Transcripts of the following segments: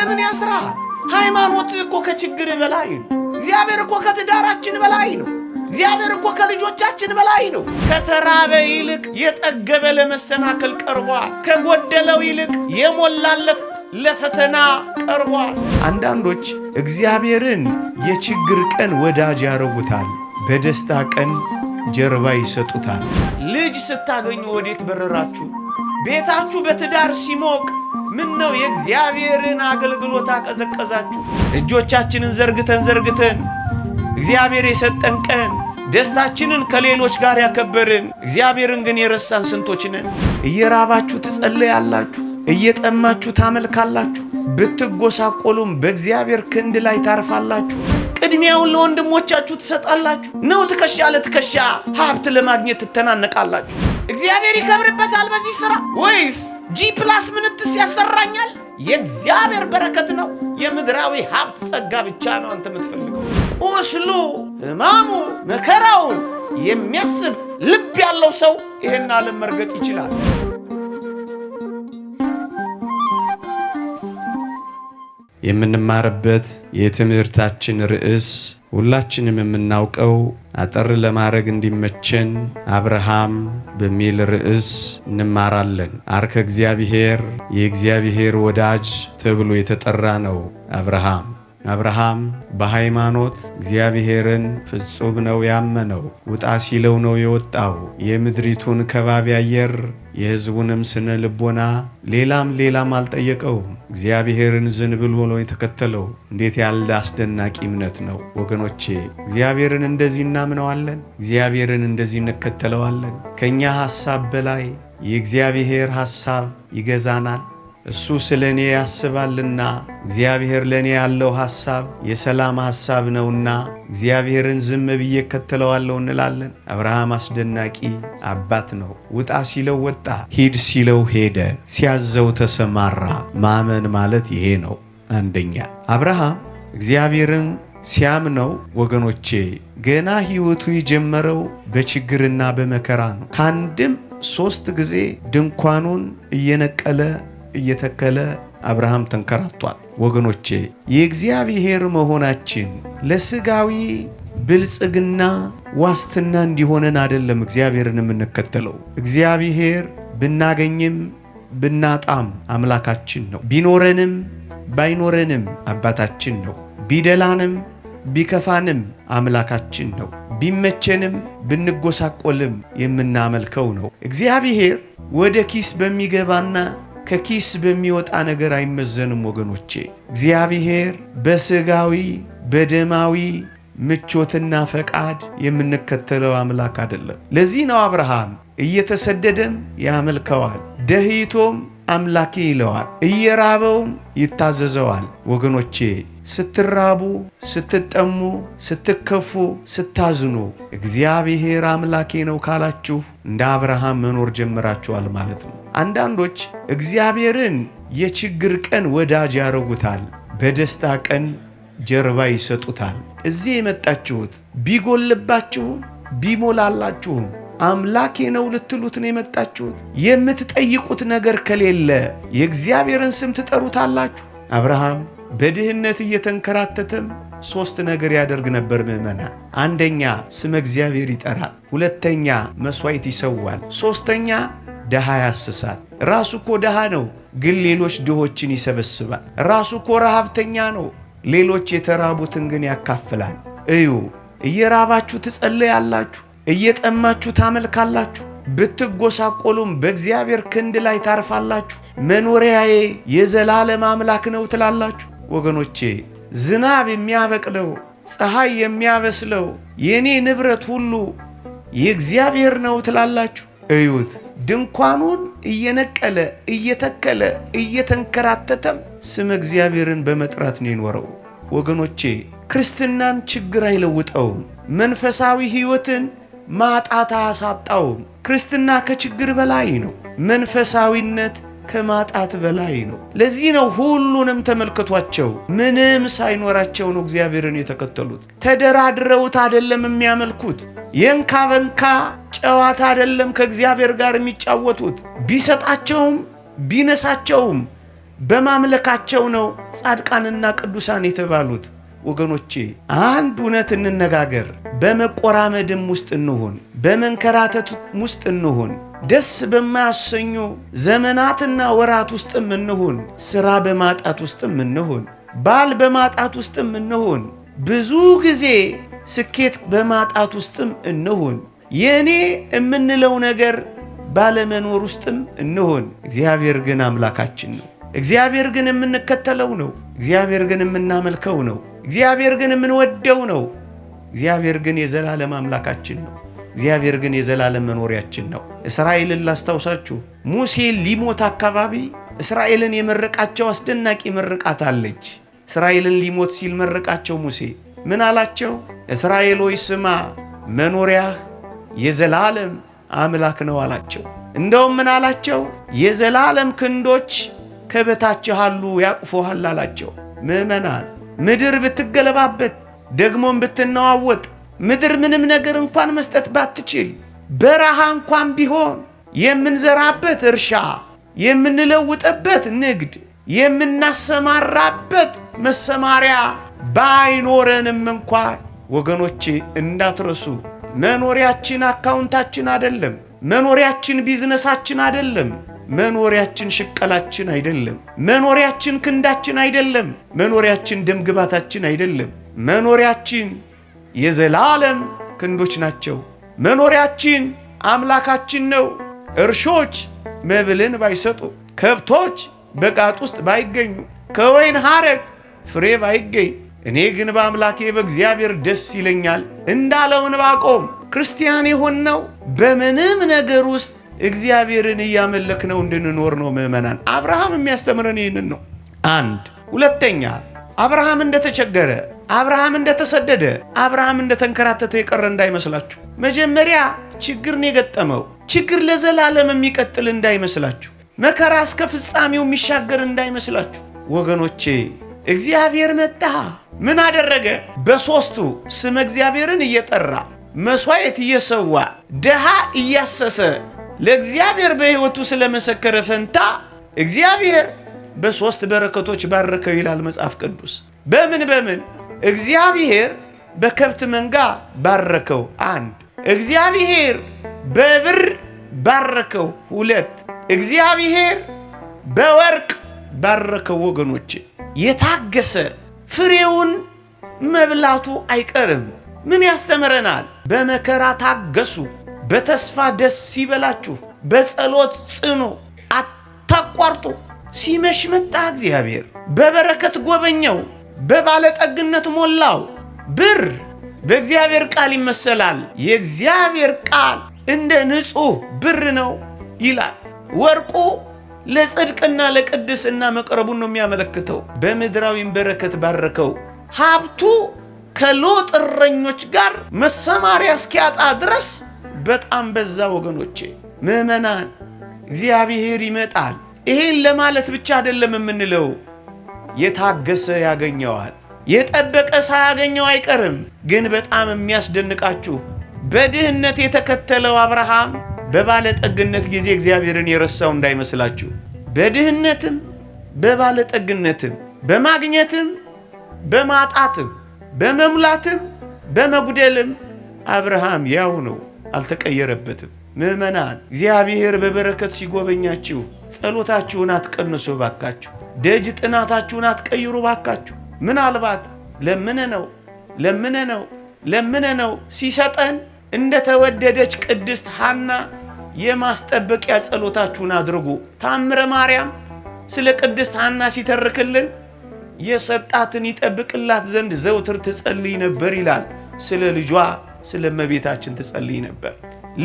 ለምን ያስራሃል? ሃይማኖት እኮ ከችግር በላይ ነው። እግዚአብሔር እኮ ከትዳራችን በላይ ነው። እግዚአብሔር እኮ ከልጆቻችን በላይ ነው። ከተራበ ይልቅ የጠገበ ለመሰናክል ቀርቧል። ከጎደለው ይልቅ የሞላለት ለፈተና ቀርቧል። አንዳንዶች እግዚአብሔርን የችግር ቀን ወዳጅ ያረጉታል፣ በደስታ ቀን ጀርባ ይሰጡታል። ልጅ ስታገኙ ወዴት በረራችሁ? ቤታችሁ በትዳር ሲሞቅ ምን ነው የእግዚአብሔርን አገልግሎት አቀዘቀዛችሁ? እጆቻችንን ዘርግተን ዘርግተን እግዚአብሔር የሰጠን ቀን ደስታችንን ከሌሎች ጋር ያከበርን እግዚአብሔርን ግን የረሳን ስንቶች ነን? እየራባችሁ ትጸልያላችሁ፣ እየጠማችሁ ታመልካላችሁ፣ ብትጎሳቆሉም በእግዚአብሔር ክንድ ላይ ታርፋላችሁ። ቅድሚያውን ለወንድሞቻችሁ ትሰጣላችሁ ነው? ትከሻ ለትከሻ ሀብት ለማግኘት ትተናነቃላችሁ። እግዚአብሔር ይከብርበታል በዚህ ስራ ወይስ ጂ ፕላስ ምንትስ ያሰራኛል? የእግዚአብሔር በረከት ነው። የምድራዊ ሀብት ጸጋ ብቻ ነው አንተ የምትፈልገው። ቁስሉ፣ ሕማሙ፣ መከራውን የሚያስብ ልብ ያለው ሰው ይህን ዓለም መርገጥ ይችላል። የምንማርበት የትምህርታችን ርዕስ ሁላችንም የምናውቀው አጠር ለማድረግ እንዲመቸን አብርሃም በሚል ርዕስ እንማራለን። አርከ እግዚአብሔር የእግዚአብሔር ወዳጅ ተብሎ የተጠራ ነው አብርሃም። አብርሃም በሃይማኖት እግዚአብሔርን ፍጹም ነው ያመነው። ውጣ ሲለው ነው የወጣው። የምድሪቱን ከባቢ አየር፣ የሕዝቡንም ስነ ልቦና፣ ሌላም ሌላም አልጠየቀውም። እግዚአብሔርን ዝም ብሎ የተከተለው። እንዴት ያለ አስደናቂ እምነት ነው ወገኖቼ! እግዚአብሔርን እንደዚህ እናምነዋለን። እግዚአብሔርን እንደዚህ እንከተለዋለን። ከእኛ ሐሳብ በላይ የእግዚአብሔር ሐሳብ ይገዛናል። እሱ ስለ እኔ ያስባልና እግዚአብሔር ለእኔ ያለው ሐሳብ የሰላም ሐሳብ ነውና እግዚአብሔርን ዝም ብዬ እከተለዋለሁ እንላለን። አብርሃም አስደናቂ አባት ነው። ውጣ ሲለው ወጣ፣ ሂድ ሲለው ሄደ፣ ሲያዘው ተሰማራ። ማመን ማለት ይሄ ነው። አንደኛ አብርሃም እግዚአብሔርን ሲያምነው ወገኖቼ፣ ገና ሕይወቱ የጀመረው በችግርና በመከራ ነው። ከአንድም ሶስት ጊዜ ድንኳኑን እየነቀለ እየተከለ አብርሃም ተንከራቷል። ወገኖቼ የእግዚአብሔር መሆናችን ለስጋዊ ብልጽግና ዋስትና እንዲሆነን አይደለም እግዚአብሔርን የምንከተለው። እግዚአብሔር ብናገኝም ብናጣም አምላካችን ነው። ቢኖረንም ባይኖረንም አባታችን ነው። ቢደላንም ቢከፋንም አምላካችን ነው። ቢመቸንም ብንጎሳቆልም የምናመልከው ነው። እግዚአብሔር ወደ ኪስ በሚገባና ከኪስ በሚወጣ ነገር አይመዘንም ወገኖቼ። እግዚአብሔር በስጋዊ በደማዊ ምቾትና ፈቃድ የምንከተለው አምላክ አይደለም። ለዚህ ነው አብርሃም እየተሰደደም ያመልከዋል፣ ደህይቶም አምላኬ ይለዋል፣ እየራበውም ይታዘዘዋል። ወገኖቼ ስትራቡ፣ ስትጠሙ፣ ስትከፉ፣ ስታዝኑ እግዚአብሔር አምላኬ ነው ካላችሁ እንደ አብርሃም መኖር ጀምራችኋል ማለት ነው። አንዳንዶች እግዚአብሔርን የችግር ቀን ወዳጅ ያረጉታል፣ በደስታ ቀን ጀርባ ይሰጡታል። እዚህ የመጣችሁት ቢጎልባችሁም ቢሞላላችሁም አምላኬ ነው ልትሉት ነው የመጣችሁት። የምትጠይቁት ነገር ከሌለ የእግዚአብሔርን ስም ትጠሩታላችሁ። አብርሃም በድህነት እየተንከራተተም ሶስት ነገር ያደርግ ነበር ምዕመና። አንደኛ ስመ እግዚአብሔር ይጠራል፣ ሁለተኛ መሥዋዕት ይሰዋል፣ ሶስተኛ ድሃ ያስሳል። ራሱ እኮ ድሃ ነው፣ ግን ሌሎች ድሆችን ይሰበስባል። ራሱ እኮ ረሃብተኛ ነው፣ ሌሎች የተራቡትን ግን ያካፍላል። እዩ፣ እየራባችሁ ትጸልያላችሁ፣ እየጠማችሁ ታመልካላችሁ። ብትጎሳቆሉም በእግዚአብሔር ክንድ ላይ ታርፋላችሁ። መኖሪያዬ የዘላለም አምላክ ነው ትላላችሁ። ወገኖቼ ዝናብ የሚያበቅለው ፀሐይ የሚያበስለው የእኔ ንብረት ሁሉ የእግዚአብሔር ነው ትላላችሁ። እዩት። ድንኳኑን እየነቀለ እየተከለ እየተንከራተተም ስም እግዚአብሔርን በመጥራት ነው የኖረው። ወገኖቼ ክርስትናን ችግር አይለውጠውም። መንፈሳዊ ሕይወትን ማጣት አያሳጣውም። ክርስትና ከችግር በላይ ነው። መንፈሳዊነት ከማጣት በላይ ነው። ለዚህ ነው ሁሉንም ተመልክቷቸው ምንም ሳይኖራቸው ነው እግዚአብሔርን የተከተሉት። ተደራድረውት አደለም የሚያመልኩት። የንካ በንካ ጨዋታ አደለም ከእግዚአብሔር ጋር የሚጫወቱት። ቢሰጣቸውም ቢነሳቸውም በማምለካቸው ነው ጻድቃንና ቅዱሳን የተባሉት። ወገኖቼ አንድ እውነት እንነጋገር። በመቆራመድም ውስጥ እንሆን፣ በመንከራተት ውስጥ እንሆን ደስ በማያሰኙ ዘመናትና ወራት ውስጥም እንሁን፣ ስራ በማጣት ውስጥም እንሁን፣ ባል በማጣት ውስጥም እንሁን፣ ብዙ ጊዜ ስኬት በማጣት ውስጥም እንሁን፣ የእኔ የምንለው ነገር ባለመኖር ውስጥም እንሆን፣ እግዚአብሔር ግን አምላካችን ነው። እግዚአብሔር ግን የምንከተለው ነው። እግዚአብሔር ግን የምናመልከው ነው። እግዚአብሔር ግን የምንወደው ነው። እግዚአብሔር ግን የዘላለም አምላካችን ነው። እግዚአብሔር ግን የዘላለም መኖሪያችን ነው። እስራኤልን ላስታውሳችሁ፣ ሙሴ ሊሞት አካባቢ እስራኤልን የመረቃቸው አስደናቂ መርቃት አለች። እስራኤልን ሊሞት ሲል መረቃቸው ሙሴ ምን አላቸው? እስራኤል ሆይ ስማ፣ መኖሪያህ የዘላለም አምላክ ነው አላቸው። እንደውም ምን አላቸው? የዘላለም ክንዶች ከበታችህ አሉ ያቅፎሃል አላቸው። ምዕመናን ምድር ብትገለባበት ደግሞም ብትነዋወጥ ምድር ምንም ነገር እንኳን መስጠት ባትችል በረሃ እንኳን ቢሆን የምንዘራበት እርሻ፣ የምንለውጥበት ንግድ፣ የምናሰማራበት መሰማሪያ ባይኖረንም እንኳ ወገኖቼ እንዳትረሱ፣ መኖሪያችን አካውንታችን አይደለም። መኖሪያችን ቢዝነሳችን አይደለም። መኖሪያችን ሽቀላችን አይደለም። መኖሪያችን ክንዳችን አይደለም። መኖሪያችን ደምግባታችን አይደለም። መኖሪያችን የዘላለም ክንዶች ናቸው። መኖሪያችን አምላካችን ነው። እርሾች መብልን ባይሰጡ፣ ከብቶች በጋጥ ውስጥ ባይገኙ፣ ከወይን ሐረግ ፍሬ ባይገኝ፣ እኔ ግን በአምላኬ በእግዚአብሔር ደስ ይለኛል እንዳለው ዕንባቆም ክርስቲያን የሆን ነው በምንም ነገር ውስጥ እግዚአብሔርን እያመለክ ነው እንድንኖር ነው። ምዕመናን፣ አብርሃም የሚያስተምረን ይህንን ነው። አንድ ሁለተኛ አብርሃም እንደተቸገረ አብርሃም እንደተሰደደ አብርሃም እንደተንከራተተ የቀረ እንዳይመስላችሁ። መጀመሪያ ችግርን የገጠመው። ችግር ለዘላለም የሚቀጥል እንዳይመስላችሁ፣ መከራ እስከ ፍጻሜው የሚሻገር እንዳይመስላችሁ ወገኖቼ። እግዚአብሔር መጣ። ምን አደረገ? በሦስቱ ስመ እግዚአብሔርን እየጠራ መሥዋዕት እየሰዋ ድሃ እያሰሰ ለእግዚአብሔር በሕይወቱ ስለመሰከረ ፈንታ እግዚአብሔር በሦስት በረከቶች ባረከው ይላል መጽሐፍ ቅዱስ። በምን በምን እግዚአብሔር በከብት መንጋ ባረከው፣ አንድ እግዚአብሔር በብር ባረከው፣ ሁለት እግዚአብሔር በወርቅ ባረከው። ወገኖች የታገሰ ፍሬውን መብላቱ አይቀርም። ምን ያስተምረናል? በመከራ ታገሱ፣ በተስፋ ደስ ይበላችሁ፣ በጸሎት ጽኑ፣ አታቋርጡ። ሲመሽ መጣ እግዚአብሔር፣ በበረከት ጎበኘው። በባለጠግነት ሞላው። ብር በእግዚአብሔር ቃል ይመሰላል። የእግዚአብሔር ቃል እንደ ንጹሕ ብር ነው ይላል። ወርቁ ለጽድቅና ለቅድስና መቅረቡን ነው የሚያመለክተው። በምድራዊም በረከት ባረከው። ሀብቱ ከሎጥ እረኞች ጋር መሰማሪያ እስኪያጣ ድረስ በጣም በዛ። ወገኖቼ ምዕመናን፣ እግዚአብሔር ይመጣል። ይሄን ለማለት ብቻ አይደለም የምንለው የታገሰ ያገኘዋል። የጠበቀ ሳያገኘው አይቀርም። ግን በጣም የሚያስደንቃችሁ በድህነት የተከተለው አብርሃም በባለጠግነት ጊዜ እግዚአብሔርን የረሳው እንዳይመስላችሁ። በድህነትም በባለጠግነትም በማግኘትም በማጣትም በመሙላትም በመጉደልም አብርሃም ያው ነው፣ አልተቀየረበትም። ምዕመናን፣ እግዚአብሔር በበረከት ሲጎበኛችሁ ጸሎታችሁን አትቀንሶ ባካችሁ። ደጅ ጥናታችሁን አትቀይሩ ባካችሁ። ምናልባት ለምነ ነው ለምነ ነው ለምነ ነው ሲሰጠን እንደተወደደች ቅድስት ሐና የማስጠበቂያ ጸሎታችሁን አድርጉ። ታምረ ማርያም ስለ ቅድስት ሐና ሲተርክልን የሰጣትን ይጠብቅላት ዘንድ ዘውትር ትጸልይ ነበር ይላል። ስለ ልጇ ስለ እመቤታችን ትጸልይ ነበር።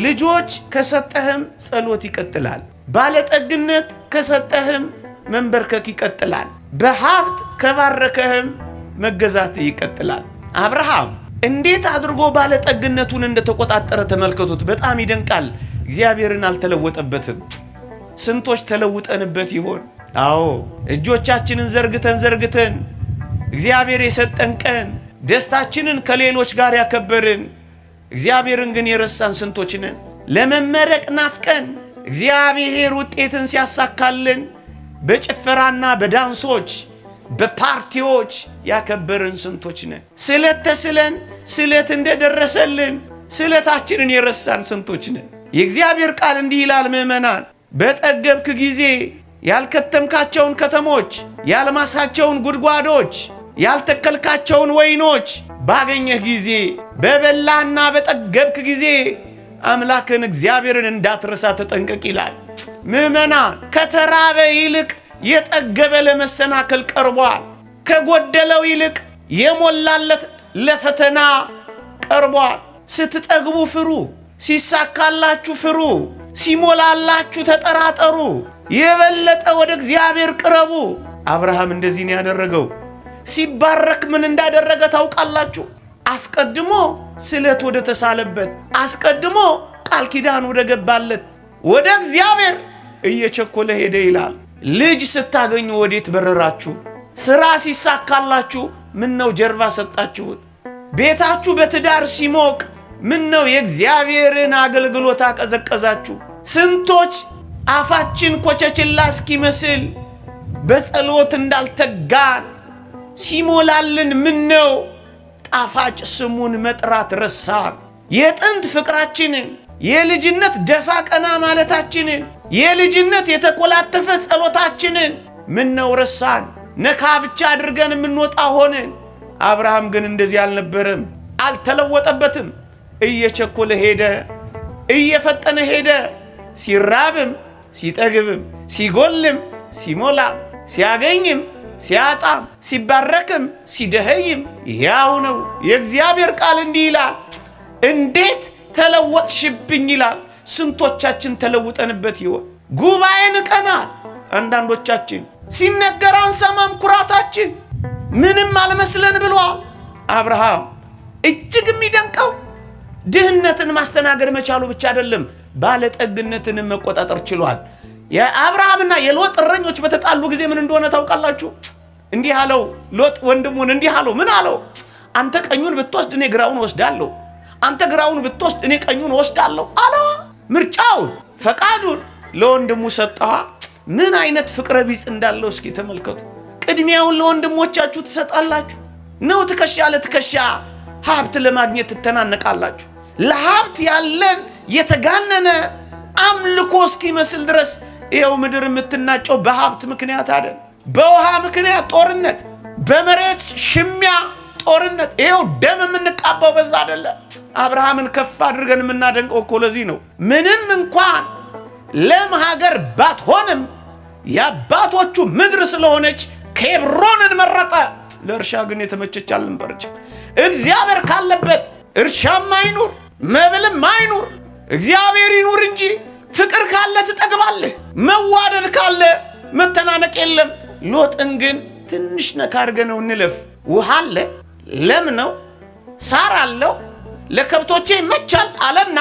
ልጆች ከሰጠህም ጸሎት ይቀጥላል። ባለጠግነት ከሰጠህም መንበርከክ ይቀጥላል። በሀብት ከባረከህም መገዛት ይቀጥላል። አብርሃም እንዴት አድርጎ ባለጠግነቱን እንደተቆጣጠረ ተመልከቱት። በጣም ይደንቃል። እግዚአብሔርን አልተለወጠበትም። ስንቶች ተለውጠንበት ይሆን? አዎ እጆቻችንን ዘርግተን ዘርግተን እግዚአብሔር የሰጠን ቀን ደስታችንን ከሌሎች ጋር ያከበርን እግዚአብሔርን ግን የረሳን ስንቶች ነን። ለመመረቅ ናፍቀን እግዚአብሔር ውጤትን ሲያሳካልን በጭፈራና በዳንሶች በፓርቲዎች ያከበርን ስንቶች ነን። ስለት ተስለን ስለት እንደደረሰልን ስለታችንን የረሳን ስንቶች ነን። የእግዚአብሔር ቃል እንዲህ ይላል፣ ምእመናን በጠገብክ ጊዜ ያልከተምካቸውን ከተሞች፣ ያልማሳቸውን ጉድጓዶች፣ ያልተከልካቸውን ወይኖች ባገኘህ ጊዜ በበላህና በጠገብክ ጊዜ አምላክን እግዚአብሔርን እንዳትረሳ ተጠንቀቅ ይላል። ምዕመናን ከተራበ ይልቅ የጠገበ ለመሰናክል ቀርቧል። ከጎደለው ይልቅ የሞላለት ለፈተና ቀርቧል። ስትጠግቡ ፍሩ፣ ሲሳካላችሁ ፍሩ፣ ሲሞላላችሁ ተጠራጠሩ፣ የበለጠ ወደ እግዚአብሔር ቅረቡ። አብርሃም እንደዚህ ነው ያደረገው። ሲባረክ ምን እንዳደረገ ታውቃላችሁ? አስቀድሞ ስለት ወደ ተሳለበት፣ አስቀድሞ ቃል ኪዳን ወደ ገባለት ወደ እግዚአብሔር እየቸኮለ ሄደ ይላል። ልጅ ስታገኙ ወዴት በረራችሁ? ስራ ሲሳካላችሁ ምን ነው ጀርባ ሰጣችሁት? ቤታችሁ በትዳር ሲሞቅ ምን ነው የእግዚአብሔርን አገልግሎት አቀዘቀዛችሁ? ስንቶች አፋችን ኮቸችላ እስኪመስል በጸሎት እንዳልተጋን ሲሞላልን ምን ነው ጣፋጭ ስሙን መጥራት ረሳን። የጥንት ፍቅራችንን የልጅነት ደፋ ቀና ማለታችንን የልጅነት የተኮላተፈ ጸሎታችንን ነው ረሳን? ነካ ብቻ አድርገን የምንወጣ ሆንን። አብርሃም ግን እንደዚህ አልነበረም፣ አልተለወጠበትም። እየቸኮለ ሄደ፣ እየፈጠነ ሄደ። ሲራብም ሲጠግብም፣ ሲጎልም ሲሞላም፣ ሲያገኝም ሲያጣም፣ ሲባረክም ሲደኸይም ያው ነው። የእግዚአብሔር ቃል እንዲህ ይላል እንዴት ተለወጥሽብኝ ይላል። ስንቶቻችን ተለውጠንበት ይሆን? ጉባኤን ቀና አንዳንዶቻችን ሲነገር አንሰማም። ኩራታችን ምንም አልመስለን ብሏል። አብርሃም እጅግ የሚደንቀው ድህነትን ማስተናገድ መቻሉ ብቻ አይደለም፣ ባለጠግነትንም መቆጣጠር ችሏል። የአብርሃምና የሎጥ እረኞች በተጣሉ ጊዜ ምን እንደሆነ ታውቃላችሁ? እንዲህ አለው ሎጥ ወንድሙን፣ እንዲህ አለው ምን አለው? አንተ ቀኙን ብትወስድ እኔ ግራውን ወስዳለሁ አንተ ግራውን ብትወስድ እኔ ቀኙን ወስዳለሁ አለዋ። ምርጫውን ፈቃዱን ለወንድሙ ሰጠዋ። ምን አይነት ፍቅረ ቢጽ እንዳለው እስኪ ተመልከቱ። ቅድሚያውን ለወንድሞቻችሁ ትሰጣላችሁ ነው? ትከሻ ለትከሻ ሀብት ለማግኘት ትተናነቃላችሁ። ለሀብት ያለን የተጋነነ አምልኮ እስኪመስል ድረስ ይኸው ምድር የምትናጨው በሀብት ምክንያት አይደል? በውሃ ምክንያት ጦርነት፣ በመሬት ሽሚያ ጦርነት ይኸው ደም የምንቃባው በዛ አደለ። አብርሃምን ከፍ አድርገን የምናደንቀው እኮ ለዚህ ነው። ምንም እንኳን ለም ሀገር ባትሆንም የአባቶቹ ምድር ስለሆነች ኬብሮንን መረጠ። ለእርሻ ግን የተመቸች አልነበረችም። እግዚአብሔር ካለበት እርሻም አይኑር መብልም አይኑር እግዚአብሔር ይኑር እንጂ። ፍቅር ካለ ትጠግባለህ። መዋደድ ካለ መተናነቅ የለም። ሎጥን ግን ትንሽ ነካ ነው እንለፍ ውሃ አለ ለም ነው፣ ሳር አለው፣ ለከብቶቼ ይመቻል አለና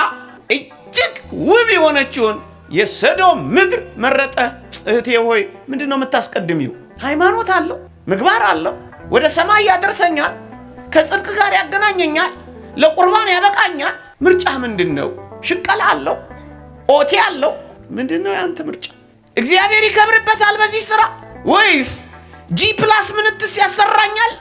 እጅግ ውብ የሆነችውን የሰዶም ምድር መረጠ። እህቴ ሆይ ምንድን ነው የምታስቀድሚው? ሃይማኖት አለው፣ ምግባር አለው፣ ወደ ሰማይ ያደርሰኛል፣ ከጽድቅ ጋር ያገናኘኛል፣ ለቁርባን ያበቃኛል። ምርጫ ምንድን ነው? ሽቀላ አለው፣ ኦቴ አለው። ምንድን ነው ያንተ ምርጫ? እግዚአብሔር ይከብርበታል በዚህ ስራ ወይስ ጂ ፕላስ ምንትስ ያሰራኛል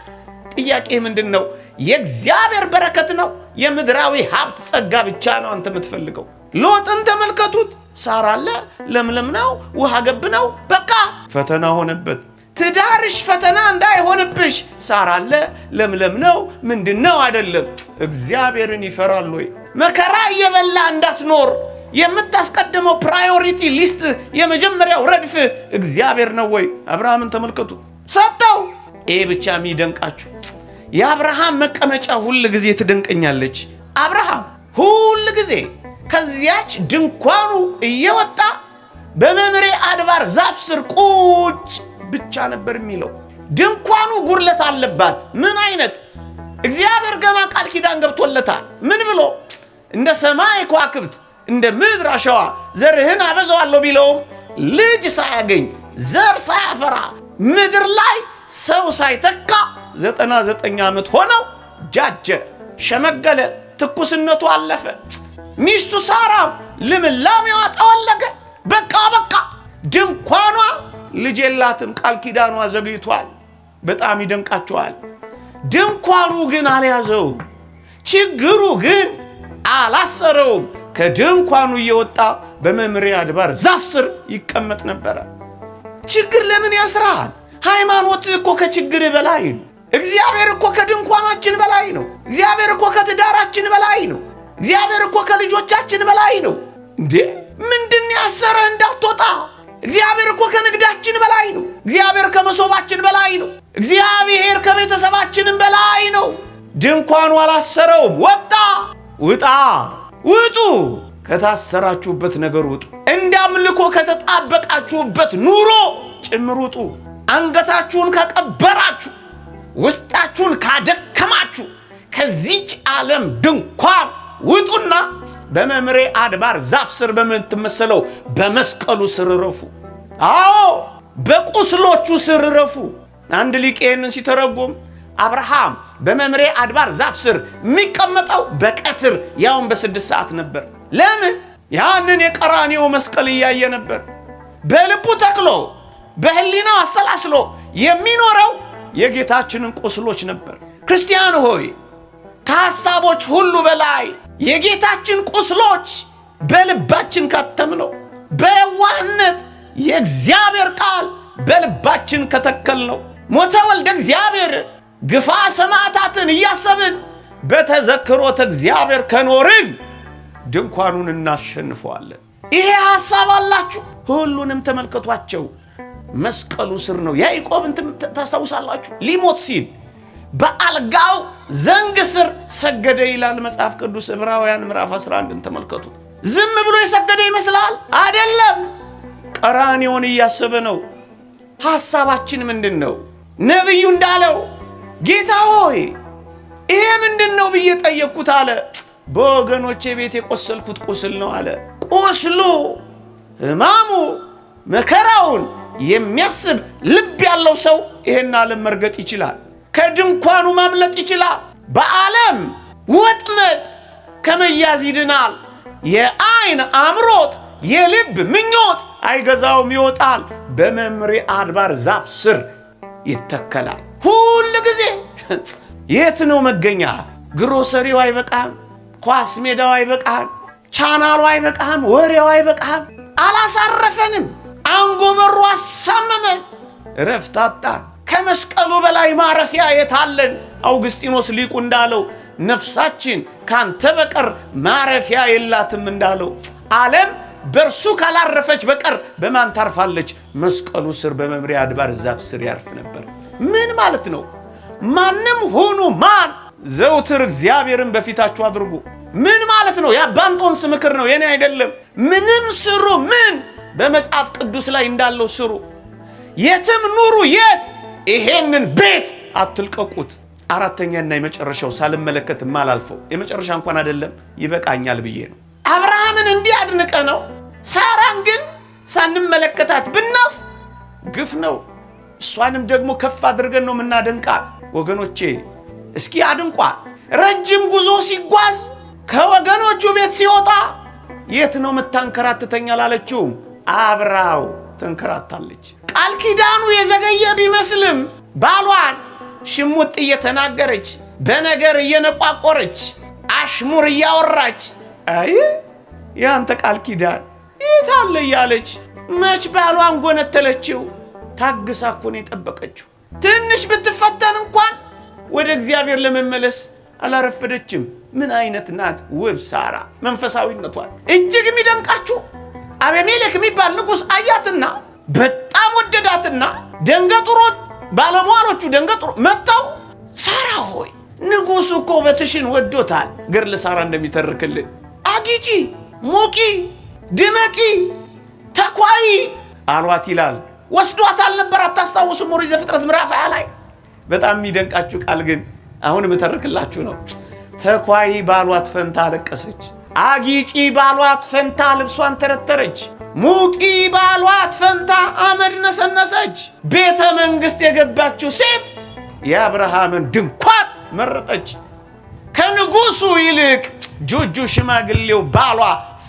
ጥያቄ ምንድን ነው? የእግዚአብሔር በረከት ነው? የምድራዊ ሀብት ጸጋ ብቻ ነው አንተ የምትፈልገው? ሎጥን ተመልከቱት። ሳር አለ፣ ለምለም ነው፣ ውሃ ገብ ነው። በቃ ፈተና ሆነበት። ትዳርሽ ፈተና እንዳይሆንብሽ ሳር አለ፣ ለምለም ነው። ምንድን ነው አይደለም። እግዚአብሔርን ይፈራል ወይ? መከራ እየበላ እንዳትኖር የምታስቀድመው ፕራዮሪቲ ሊስት የመጀመሪያው ረድፍ እግዚአብሔር ነው ወይ? አብርሃምን ተመልከቱ፣ ሰጠው። ይሄ ብቻ የሚደንቃችሁ የአብርሃም መቀመጫ ሁል ጊዜ ትደንቀኛለች። አብርሃም ሁል ጊዜ ከዚያች ድንኳኑ እየወጣ በመምሬ አድባር ዛፍ ስር ቁጭ ብቻ ነበር የሚለው። ድንኳኑ ጉድለት አለባት። ምን አይነት እግዚአብሔር ገና ቃል ኪዳን ገብቶለታል። ምን ብሎ እንደ ሰማይ ከዋክብት እንደ ምድር አሸዋ ዘርህን አበዛዋለሁ ቢለውም ልጅ ሳያገኝ ዘር ሳያፈራ ምድር ላይ ሰው ሳይተካ 99 ዓመት ሆነው ጃጀ፣ ሸመገለ፣ ትኩስነቱ አለፈ። ሚስቱ ሳራም ልምላሜዋ ጠወለገ። በቃ በቃ ድንኳኗ ልጅ የላትም፣ ቃል ኪዳኗ ዘግይቷል። በጣም ይደንቃቸዋል። ድንኳኑ ግን አልያዘውም። ችግሩ ግን አላሰረውም። ከድንኳኑ እየወጣ በመምሪያ አድባር ዛፍ ስር ይቀመጥ ነበረ። ችግር ለምን ያስራሃል? ሃይማኖት እኮ ከችግር በላይ ነው። እግዚአብሔር እኮ ከድንኳናችን በላይ ነው። እግዚአብሔር እኮ ከትዳራችን በላይ ነው። እግዚአብሔር እኮ ከልጆቻችን በላይ ነው። እንዴ ምንድን ያሰረህ እንዳትወጣ? እግዚአብሔር እኮ ከንግዳችን በላይ ነው። እግዚአብሔር ከመሶባችን በላይ ነው። እግዚአብሔር ከቤተሰባችንም በላይ ነው። ድንኳኑ አላሰረውም። ወጣ፣ ውጣ፣ ውጡ። ከታሰራችሁበት ነገር ውጡ። እንዳምልኮ ከተጣበቃችሁበት ኑሮ ጭምር ውጡ። አንገታችሁን ከቀበራችሁ፣ ውስጣችሁን ካደከማችሁ ከዚች ዓለም ድንኳን ውጡና በመምሬ አድባር ዛፍ ስር በምትመሰለው በመስቀሉ ስር ረፉ። አዎ በቁስሎቹ ስር ረፉ። አንድ ሊቅ ይህንን ሲተረጉም አብርሃም በመምሬ አድባር ዛፍ ስር የሚቀመጠው በቀትር ያውን በስድስት ሰዓት ነበር። ለምን? ያንን የቀራኔው መስቀል እያየ ነበር። በልቡ ተክሎ በህሊናው አሰላስሎ የሚኖረው የጌታችንን ቁስሎች ነበር። ክርስቲያን ሆይ ከሐሳቦች ሁሉ በላይ የጌታችን ቁስሎች በልባችን ካተምነው በዋህነት የእግዚአብሔር ቃል በልባችን ከተከልነው ሞተ ወልደ እግዚአብሔር ግፋ ሰማዕታትን እያሰብን በተዘክሮተ እግዚአብሔር ከኖርን ድንኳኑን እናሸንፈዋለን። ይሄ ሐሳብ አላችሁ፣ ሁሉንም ተመልከቷቸው። መስቀሉ ስር ነው። ያዕቆብ እንትን ታስታውሳላችሁ፣ ሊሞት ሲል በአልጋው ዘንግ ስር ሰገደ ይላል መጽሐፍ ቅዱስ ዕብራውያን ምዕራፍ 11ን ተመልከቱት። ዝም ብሎ የሰገደ ይመስላል አይደለም። ቀራንዮውን እያሰበ ነው። ሐሳባችን ምንድን ነው? ነቢዩ እንዳለው ጌታ ሆይ ይሄ ምንድን ነው ብዬ ጠየቅኩት አለ። በወገኖቼ ቤት የቆሰልኩት ቁስል ነው አለ። ቁስሉ ሕማሙ መከራውን የሚያስብ ልብ ያለው ሰው ይሄን ዓለም መርገጥ ይችላል። ከድንኳኑ ማምለጥ ይችላል። በዓለም ወጥመድ ከመያዝ ይድናል። የአይን አምሮት፣ የልብ ምኞት አይገዛውም፣ ይወጣል። በመምሪ አድባር ዛፍ ስር ይተከላል። ሁል ጊዜ የት ነው መገኛ? ግሮሰሪው አይበቃህም፣ ኳስ ሜዳው አይበቃህም፣ ቻናሉ አይበቃህም፣ ወሬው አይበቃህም። አላሳረፈንም። አንጎበሩ አሳመመ እረፍት ከመስቀሉ በላይ ማረፊያ የታለን? አውግስጢኖስ ሊቁ እንዳለው ነፍሳችን ካንተ በቀር ማረፊያ የላትም እንዳለው ዓለም በእርሱ ካላረፈች በቀር በማን ታርፋለች? መስቀሉ ስር በመምሪያ አድባር ዛፍ ስር ያርፍ ነበር። ምን ማለት ነው? ማንም ሁኑ ማን ዘውትር እግዚአብሔርን በፊታችሁ አድርጉ። ምን ማለት ነው? የአባ እንጦንስ ምክር ነው፣ የኔ አይደለም። ምንም ስሩ ምን በመጽሐፍ ቅዱስ ላይ እንዳለው ስሩ። የትም ኑሩ፣ የት ይሄንን ቤት አትልቀቁት። አራተኛና የመጨረሻው ሳልመለከትም አላልፈው፣ የመጨረሻ እንኳን አይደለም ይበቃኛል ብዬ ነው። አብርሃምን እንዲህ አድንቀ ነው። ሳራን ግን ሳንመለከታት ብናፍ ግፍ ነው። እሷንም ደግሞ ከፍ አድርገን ነው የምናደንቃት። ወገኖቼ እስኪ አድንቋል። ረጅም ጉዞ ሲጓዝ ከወገኖቹ ቤት ሲወጣ የት ነው የምታንከራትተኛል አለችውም አብራው ትንከራታለች። ቃል ኪዳኑ የዘገየ ቢመስልም ባሏን ሽሙጥ እየተናገረች በነገር እየነቋቆረች አሽሙር እያወራች አይ ያንተ ቃል ኪዳን የታለ እያለች መች ባሏን ጎነተለችው። ታግሳ እኮ ነው የጠበቀችው። ትንሽ ብትፈተን እንኳን ወደ እግዚአብሔር ለመመለስ አላረፈደችም። ምን አይነት ናት ውብ ሳራ! መንፈሳዊነቷን እጅግ የሚደንቃችሁ አቤሜሌክ የሚባል ንጉሥ አያትና በጣም ወደዳትና ደንገጥሮ ባለሟሎቹ ደንገጡሮ መጥተው ሳራ ሆይ ንጉሡ እኮ በትሽን ወዶታል። ግርል ሳራ እንደሚተርክልን አጊጪ፣ ሙቂ፣ ድመቂ፣ ተኳይ አሏት ይላል። ወስዷት አልነበር? አታስታውሱም? ኦሪት ዘፍጥረት ምዕራፍ ሃያ ላይ በጣም የሚደንቃችሁ ቃል ግን አሁን የምተርክላችሁ ነው። ተኳይ ባሏት ፈንታ አለቀሰች። አጊጪ ባሏት ፈንታ ልብሷን ተረተረች። ሙቂ ባሏት ፈንታ አመድ ነሰነሰች። ቤተ መንግሥት የገባችው ሴት የአብርሃምን ድንኳን መረጠች። ከንጉሡ ይልቅ ጁጁ ሽማግሌው ባሏ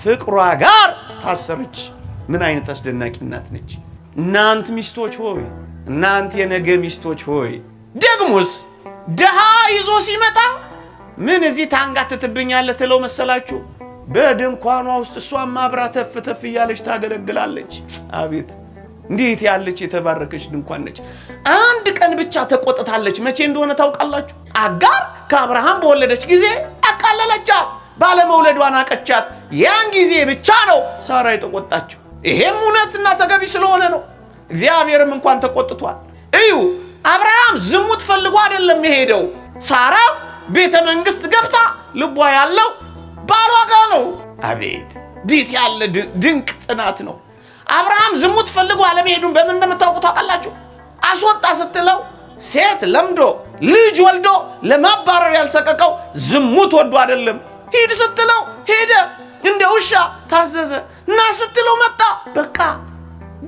ፍቅሯ ጋር ታሰረች። ምን አይነት አስደናቂ እናት ነች! እናንት ሚስቶች ሆይ እናንት የነገ ሚስቶች ሆይ ደግሞስ ድሃ ይዞ ሲመጣ ምን እዚህ ታንጋትትብኛለህ ትለው መሰላችሁ? በድንኳኗ ውስጥ እሷ ማብራ ተፍ ተፍ እያለች ታገለግላለች። አቤት እንዴት ያለች የተባረከች ድንኳን ነች። አንድ ቀን ብቻ ተቆጥታለች። መቼ እንደሆነ ታውቃላችሁ? አጋር ከአብርሃም በወለደች ጊዜ አቃለለቻት፣ ባለመውለዷን አቀቻት። ያን ጊዜ ብቻ ነው ሳራ የተቆጣችው። ይሄም እውነትና ተገቢ ስለሆነ ነው። እግዚአብሔርም እንኳን ተቆጥቷል። እዩ አብርሃም ዝሙት ፈልጎ አይደለም የሄደው ሳራ ቤተ መንግስት ገብታ ልቧ ያለው ባሏ ነው። አቤት ዲት ያለ ድንቅ ጽናት ነው። አብርሃም ዝሙት ፈልጎ አለመሄዱን በምን እንደምታውቁ ታውቃላችሁ? አስወጣ ስትለው ሴት ለምዶ ልጅ ወልዶ ለማባረር ያልሰቀቀው ዝሙት ወዶ አይደለም። ሂድ ስትለው ሄደ፣ እንደ ውሻ ታዘዘ። እና ስትለው መጣ። በቃ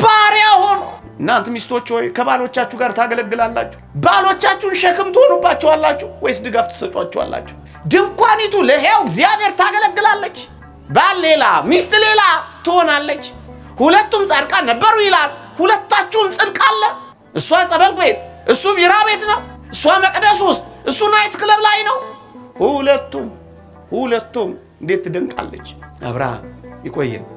ባሪያ ሆኖ እናንት ሚስቶች ሆይ ከባሎቻችሁ ጋር ታገለግላላችሁ። ባሎቻችሁን ሸክም ትሆኑባቸዋላችሁ ወይስ ድጋፍ ትሰጧቸዋላችሁ? ድንኳኒቱ ለሕያው እግዚአብሔር ታገለግላለች። ባል ሌላ፣ ሚስት ሌላ ትሆናለች። ሁለቱም ጻድቃን ነበሩ ይላል። ሁለታችሁም ጽድቅ አለ። እሷ ጸበል ቤት፣ እሱ ቢራ ቤት ነው። እሷ መቅደስ ውስጥ፣ እሱ ናይት ክለብ ላይ ነው። ሁለቱም ሁለቱም እንዴት ትደንቃለች። አብርሃም ይቆየን።